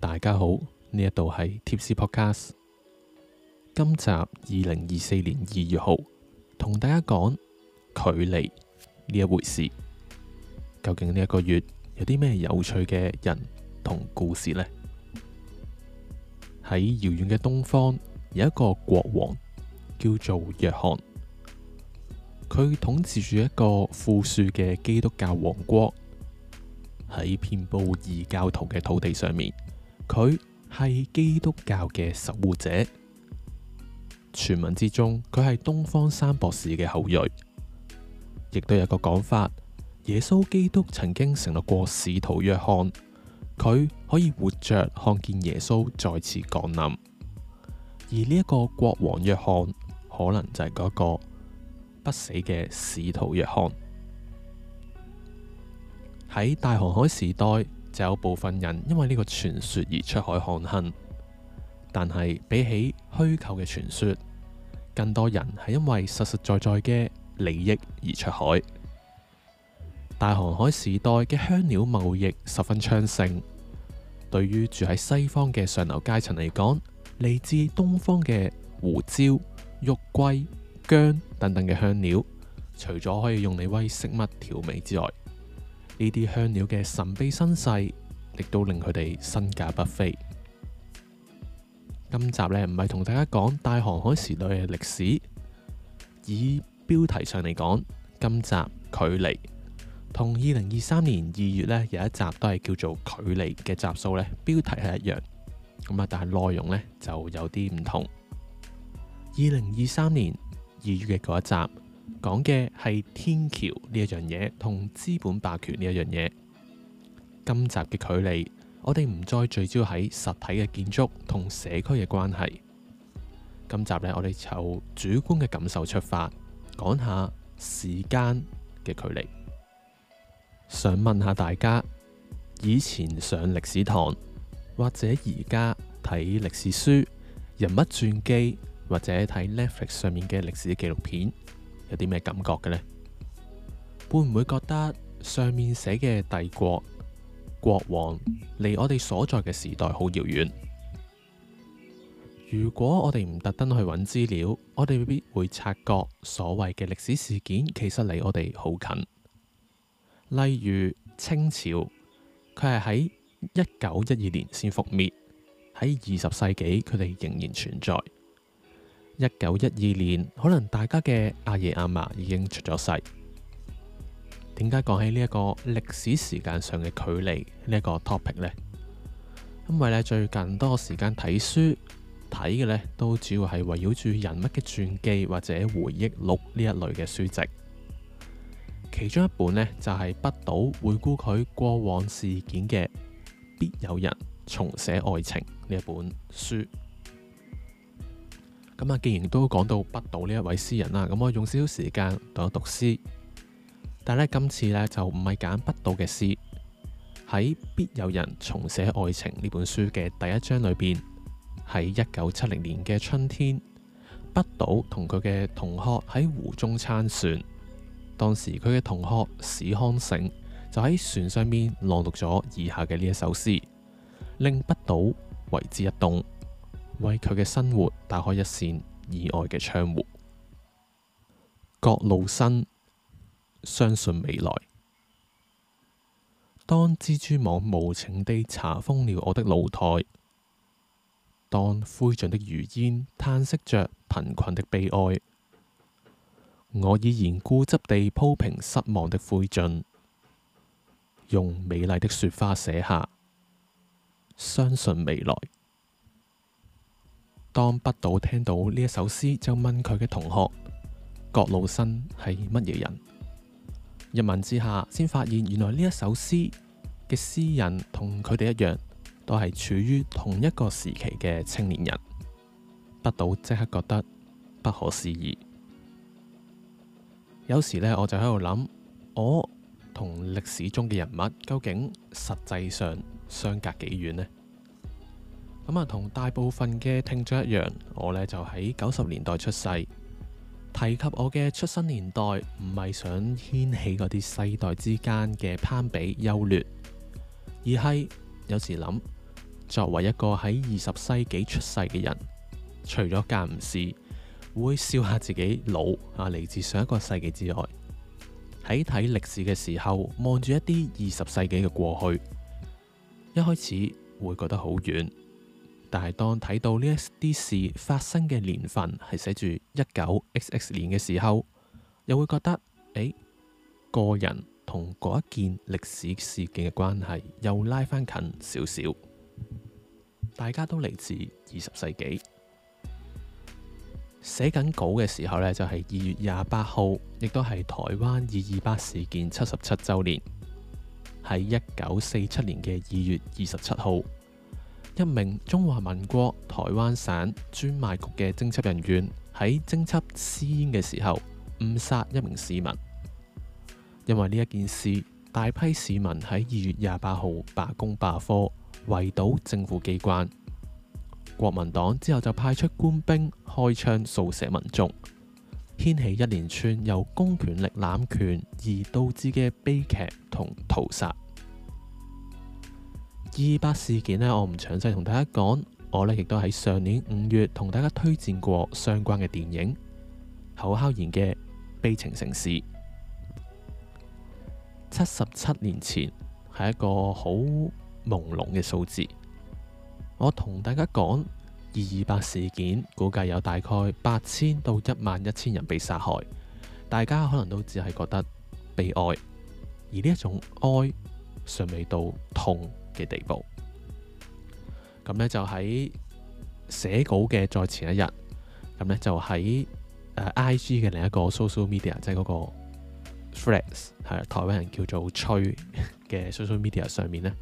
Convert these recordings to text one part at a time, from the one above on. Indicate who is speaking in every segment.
Speaker 1: 大家好，呢一度係 Tips Podcast。今集二零二四年二月號，同大家講距離呢一回事。究竟呢一個月有啲咩有趣嘅人同故事呢？喺遙遠嘅東方有一個國王叫做約翰，佢統治住一個富庶嘅基督教王國，喺遍布異教徒嘅土地上面。佢係基督教嘅守護者，傳聞之中佢係東方三博士嘅後裔，亦都有個講法：耶穌基督曾經成立過使徒約翰，佢可以活着看見耶穌再次降臨，而呢一個國王約翰可能就係嗰個不死嘅使徒約翰喺大航海時代就有部分人因為呢個傳說而出海航行，但係比起虛構嘅傳說，更多人係因為實實在在嘅利益而出海。大航海時代嘅香料貿易十分昌盛，對於住喺西方嘅上流階層嚟講，嚟自東方嘅胡椒、肉桂、薑等等嘅香料，除咗可以用嚟為食物調味之外，呢啲香料嘅神秘身世，亦都令佢哋身價不菲。今集呢，唔係同大家講大航海時代嘅歷史，以標題上嚟講，今集距離同二零二三年二月呢，有一集都係叫做距離嘅集數呢，標題係一樣，咁啊，但係內容呢就有啲唔同。二零二三年二月嘅嗰一集。講嘅係天橋呢一樣嘢，同資本霸權呢一樣嘢。今集嘅距離，我哋唔再聚焦喺實體嘅建築同社區嘅關係。今集呢，我哋就主觀嘅感受出發，講下時間嘅距離。想問下大家，以前上歷史堂，或者而家睇歷史書、人物傳記，或者睇 Netflix 上面嘅歷史紀錄片，有啲咩感覺嘅呢？會唔會覺得上面寫嘅帝國國王離我哋所在嘅時代好遙遠？如果我哋唔特登去揾資料，我哋未必會察覺所謂嘅歷史事件其實離我哋好近。例如清朝，佢係喺一九一二年先覆滅，喺二十世紀佢哋仍然存在。一九一二年，可能大家嘅阿爺阿嫲，已經出咗世了。點解講起呢一個歷史時間上嘅距離呢一個 topic 呢？因為呢，最近多時間睇書睇嘅呢都主要係圍繞住人物嘅傳記或者回憶錄呢一類嘅書籍。其中一本呢，就係北島回顧佢過往事件嘅必有人重寫愛情呢一本書。咁啊，既然都講到北島呢一位詩人啦，咁我用少少時間讀一讀詩。但係咧，今次咧就唔係揀北島嘅詩，喺《必有人重寫愛情》呢本書嘅第一章裏邊，喺一九七零年嘅春天，北島同佢嘅同學喺湖中撐船。當時佢嘅同學史康醒就喺船上面朗讀咗以下嘅呢一首詩，令北島為之一動。為佢嘅生活打開一扇意外嘅窗戶。郭路生，相信未來。當蜘蛛網無情地查封了我的露台，當灰燼的餘煙嘆息着貧困的悲哀，我依然固執地鋪平失望的灰燼，用美麗的雪花寫下：相信未來。當北島聽到呢一首詩，就問佢嘅同學郭路生係乜嘢人。一問之下，先發現原來呢一首詩嘅詩人同佢哋一樣，都係處於同一個時期嘅青年人。北島即刻覺得不可思議。有時呢，我就喺度諗，我同歷史中嘅人物究竟實際上相隔幾遠呢？咁啊，同大部分嘅聽眾一樣，我呢就喺九十年代出世。提及我嘅出生年代，唔係想掀起嗰啲世代之間嘅攀比優劣，而係有時諗作為一個喺二十世紀出世嘅人，除咗間唔時會笑下自己老啊，嚟自上一個世紀之外，喺睇歷史嘅時候，望住一啲二十世紀嘅過去，一開始會覺得好遠。但係當睇到呢一啲事發生嘅年份係寫住一九 X X 年嘅時候，又會覺得誒、哎，個人同嗰一件歷史事件嘅關係又拉翻近少少。大家都嚟自二十世紀。寫緊稿嘅時候呢，就係、是、二月廿八號，亦都係台灣二二八事件七十七周年。喺一九四七年嘅二月二十七號。一名中華民國台灣省專賣局嘅偵緝人員喺偵緝私煙嘅時候誤殺一名市民，因為呢一件事，大批市民喺二月廿八號罷工罷課，圍堵政府機關。國民黨之後就派出官兵開槍掃射民眾，掀起一連串由公權力濫權而導致嘅悲劇同屠殺。二八事件呢，我唔詳細同大家講。我呢，亦都喺上年五月同大家推薦過相關嘅電影《侯孝賢嘅悲情城市》。七十七年前係一個好朦朧嘅數字。我同大家講，二二八事件估計有大概八千到一萬一千人被殺害。大家可能都只係覺得悲哀，而呢一種哀尚未到痛。嘅地步，咁咧就喺寫稿嘅再前一日，咁咧就喺 IG 嘅另一個 social media，即係嗰個 Threads 係台灣人叫做脆嘅 social media 上面呢。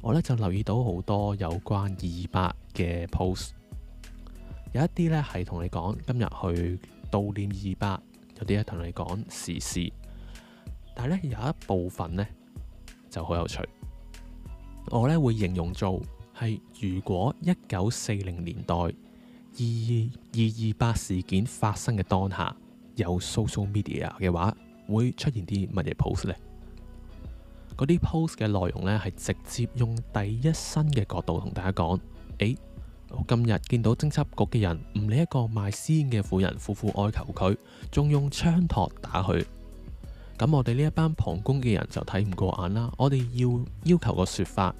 Speaker 1: 我咧就留意到好多有關二二八嘅 post，有一啲咧係同你講今日去悼念二二八，有啲咧同你講時事，但係咧有一部分呢就好有趣。我咧會形容做係如果一九四零年代二二二二八事件發生嘅當下有 social media 嘅話，會出現啲乜嘢 post 呢？嗰啲 post 嘅內容呢，係直接用第一身嘅角度同大家講，誒，我今日見到偵緝局嘅人唔理一個賣私煙嘅婦人苦苦哀求佢，仲用槍托打佢。咁我哋呢一班旁觀嘅人就睇唔過眼啦，我哋要要求個說法，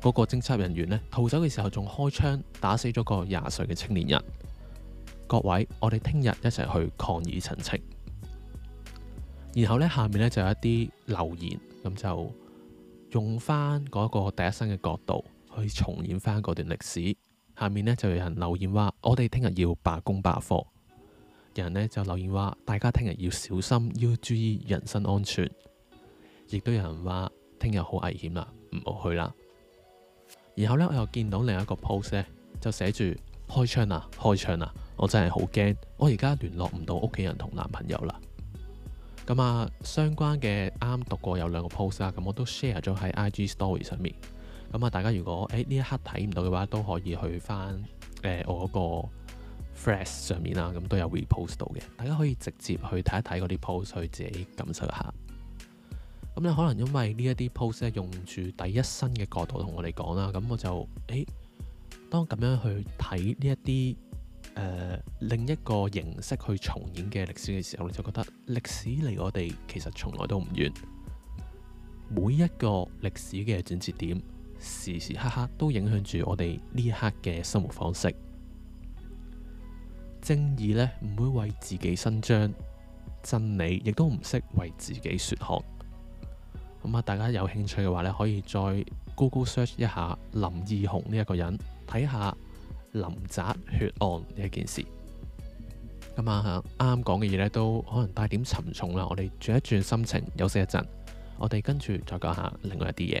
Speaker 1: 嗰、那個偵察人員呢逃走嘅時候仲開槍打死咗個廿歲嘅青年人。各位，我哋聽日一齊去抗議陳情。然後呢下面呢，就有一啲留言，咁就用翻嗰個第一身嘅角度去重演翻嗰段歷史。下面呢，就有人留言話，我哋聽日要罷工罷課。有人咧就留言話，大家聽日要小心，要注意人身安全。亦都有人話聽日好危險啦，唔好去啦。然後呢，我又見到另一個 post 呢就寫住開槍啊，開槍啊，我真係好驚，我而家聯絡唔到屋企人同男朋友啦。咁啊，相關嘅啱讀過有兩個 post 啊，咁我都 share 咗喺 IG story 上面。咁啊，大家如果喺呢、哎、一刻睇唔到嘅話，都可以去翻誒、呃、我嗰、嗰個 Flash 上面啦，咁都有 repost 到嘅，大家可以直接去睇一睇嗰啲 post 去自己感受一下。咁咧，可能因為呢一啲 post 用住第一身嘅角度同我哋講啦，咁我就誒，當咁樣去睇呢一啲誒另一個形式去重演嘅歷史嘅時候，你就覺得歷史離我哋其實從來都唔遠。每一個歷史嘅轉折點，時時刻刻都影響住我哋呢一刻嘅生活方式。正義呢唔會為自己伸張，真理亦都唔識為自己說項。咁啊，大家有興趣嘅話咧，可以再 Google search 一下林義雄呢一個人，睇下林宅血案呢一件事。咁啊，啱啱講嘅嘢咧都可能帶點沉重啦，我哋轉一轉心情，休息一陣，我哋跟住再講下另外一
Speaker 2: 啲嘢。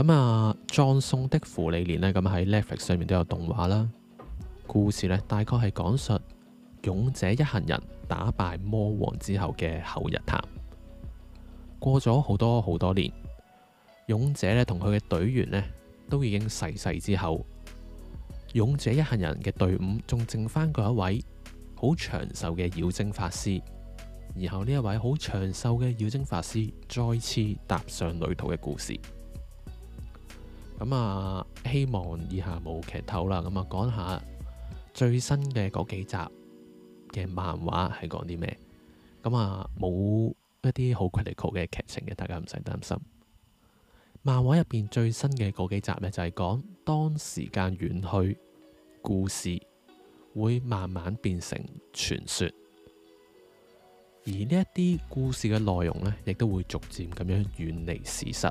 Speaker 1: 咁啊，葬送的芙莉蓮呢，咁喺 Netflix 上面都有動畫啦。故事呢，大概係講述勇者一行人打敗魔王之後嘅後日談。過咗好多好多年，勇者呢同佢嘅隊員呢都已經逝世之後，勇者一行人嘅隊伍仲剩翻嗰一位好長壽嘅妖精法師。然後呢一位好長壽嘅妖精法師再次踏上旅途嘅故事。咁啊，希望以下冇劇透啦。咁啊，講下最新嘅嗰幾集嘅漫畫係講啲咩？咁啊，冇一啲好 critical 嘅劇情嘅，大家唔使擔心。漫畫入邊最新嘅嗰幾集呢，就係講當時間遠去，故事會慢慢變成傳說，而呢一啲故事嘅內容呢，亦都會逐漸咁樣遠離事實。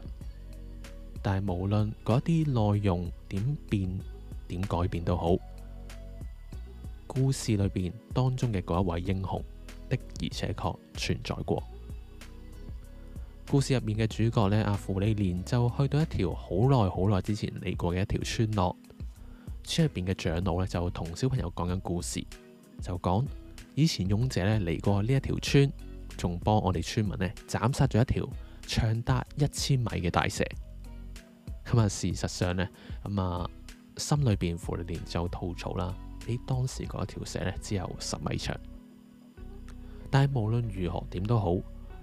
Speaker 1: 但係，無論嗰啲內容點變點改變都好，故事裏邊當中嘅嗰一位英雄的而且確存在過。故事入面嘅主角呢，阿芙莉蓮就去到一條好耐好耐之前嚟過嘅一條村落。村入邊嘅長老呢，就同小朋友講緊故事，就講以前勇者呢嚟過呢一條村，仲幫我哋村民呢斬殺咗一條長達一千米嘅大蛇。咁啊，事實上呢咁啊，心裏邊芙莉蓮就吐槽啦，比當時嗰條蛇呢，只有十米長。但係無論如何點都好，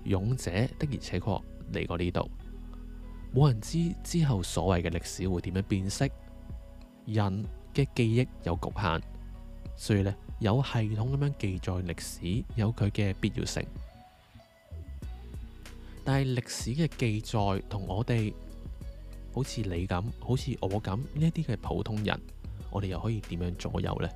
Speaker 1: 勇者的而且確嚟過呢度。冇人知之後所謂嘅歷史會點樣變色，人嘅記憶有局限，所以呢，有系統咁樣記載歷史有佢嘅必要性。但係歷史嘅記載同我哋。好似你咁，好似我咁，呢啲嘅普通人，我哋又可以點樣左右呢？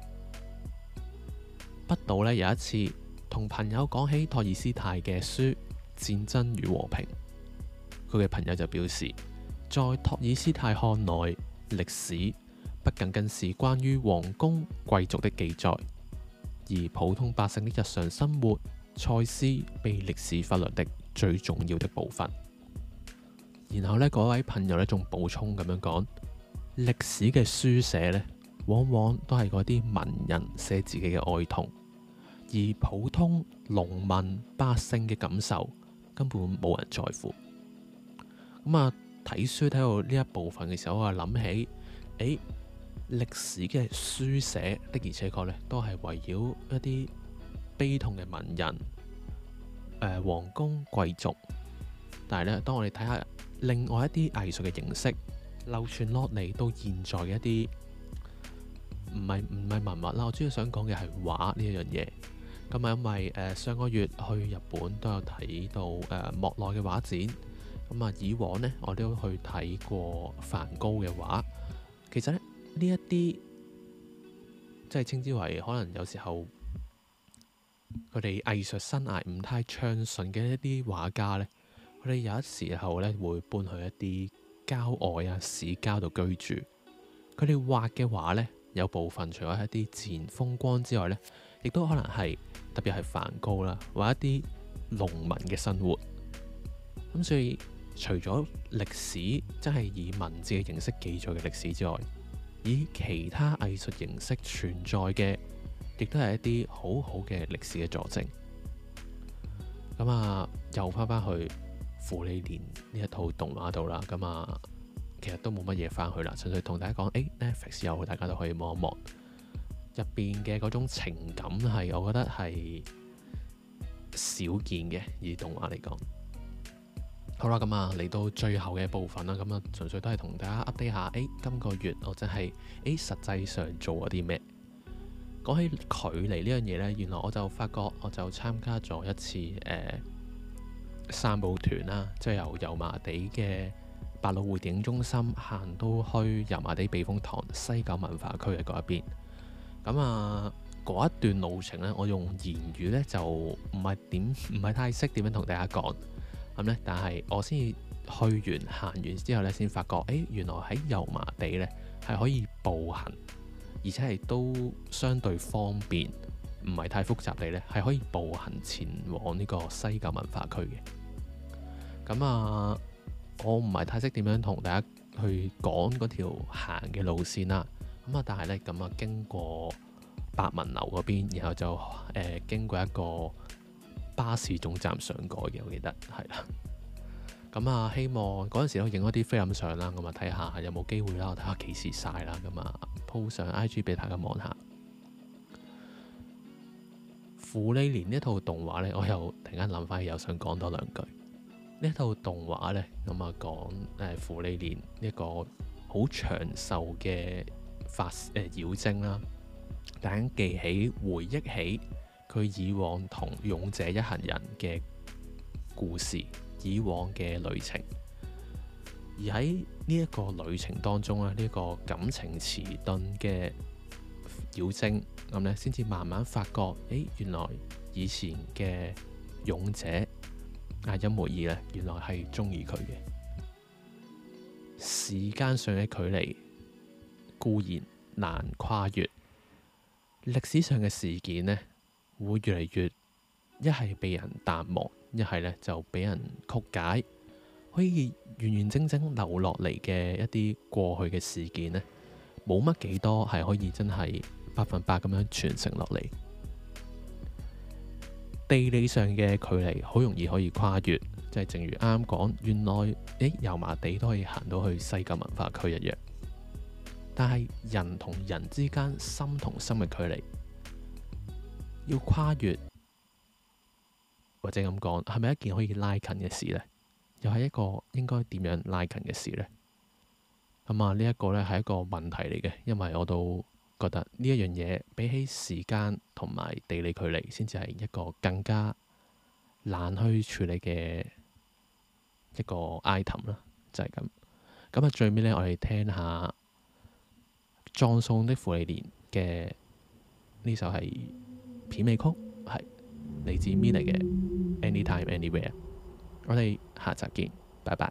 Speaker 1: 不道呢有一次同朋友講起托爾斯泰嘅書《戰爭與和平》，佢嘅朋友就表示，在托爾斯泰看來，歷史不僅僅是關於王公貴族的記載，而普通百姓的日常生活，才是被歷史忽略的最重要的部分。然後呢，嗰位朋友呢仲補充咁樣講：歷史嘅書寫呢，往往都係嗰啲文人寫自己嘅哀痛，而普通農民百姓嘅感受根本冇人在乎。咁啊，睇書睇到呢一部分嘅時候，我諗起，誒歷史嘅書寫的而且確呢，都係圍繞一啲悲痛嘅文人、誒王公貴族。但係呢，當我哋睇下另外一啲藝術嘅形式流傳落嚟到現在嘅一啲，唔係唔係文物啦。我主要想講嘅係畫呢一樣嘢。咁啊，因為誒上個月去日本都有睇到誒莫內嘅畫展。咁啊，以往呢，我都去睇過梵高嘅畫。其實呢呢一啲，即係稱之為可能有時候佢哋藝術生涯唔太暢順嘅一啲畫家呢。佢哋有一時候咧，會搬去一啲郊外啊、市郊度居住。佢哋畫嘅畫呢，有部分除咗一啲自然風光之外呢，亦都可能係特別係梵高啦，畫一啲農民嘅生活。咁所以，除咗歷史真係以文字嘅形式記載嘅歷史之外，以其他藝術形式存在嘅，亦都係一啲好好嘅歷史嘅佐證。咁啊，又翻返去。《芙莉蓮》呢一套動畫度啦，咁啊，其實都冇乜嘢翻去啦，純粹同大家講，哎、欸，Netflix 有，大家都可以望一望，入面嘅嗰種情感係，我覺得係少見嘅，以動畫嚟講。好啦，咁啊嚟到最後嘅部分啦，咁啊，純粹都係同大家 update 下，哎、欸，今個月我真係，哎、欸，實際上做咗啲咩？講起距離呢樣嘢呢，原來我就發覺，我就參加咗一次誒、欸散步團啦，即係由油麻地嘅百老匯電影中心行到去油麻地避風塘西九文化區嘅嗰一邊。咁啊，嗰一段路程咧，我用言語咧就唔係點，唔係太識點樣同大家講咁咧。但係我先去完行完之後咧，先發覺，誒、欸、原來喺油麻地咧係可以步行，而且係都相對方便，唔係太複雜地咧係可以步行前往呢個西九文化區嘅。咁啊，我唔係太識點樣同大家去講嗰條行嘅路線啦。咁啊，但係咧咁啊，經過百聞樓嗰邊，然後就、呃、經過一個巴士總站上蓋嘅，我記得係啦。咁啊，希望嗰陣時可以影一啲菲林相啦。咁啊，睇下有冇機會啦，我睇下幾時曬啦。咁啊，鋪上 IG 俾大家望下。芙莉蓮呢套動畫咧，我又突然間諗翻，又想講多兩句。呢套動畫呢，咁啊講誒芙莉蓮一個好長壽嘅法誒妖精啦，大家記起回憶起佢以往同勇者一行人嘅故事，以往嘅旅程。而喺呢一個旅程當中啊，呢、這個感情遲鈍嘅妖精咁呢先至慢慢發覺，誒原來以前嘅勇者。阿一模二呢，原來係中意佢嘅。時間上嘅距離固然難跨越，歷史上嘅事件呢，會越嚟越一係被人淡忘，一係呢就俾人曲解。可以完完整整留落嚟嘅一啲過去嘅事件呢，冇乜幾多係可以真係百分百咁樣傳承落嚟。地理上嘅距離好容易可以跨越，即係正如啱啱講，原來誒油麻地都可以行到去西九文化區一樣。但係人同人之間心同心嘅距離要跨越，或者咁講，係咪一件可以拉近嘅事呢？又係一個應該點樣拉近嘅事呢？咁啊，呢一個呢，係一個問題嚟嘅，因為我都覺得呢一樣嘢比起時間同埋地理距離，先至係一個更加難去處理嘅一個 item 啦，就係咁。咁啊，最尾呢，我哋聽下葬送的芙莉蓮嘅呢首係片尾曲，係嚟自 milet 嘅 Anytime Anywhere。我哋下集見，拜拜。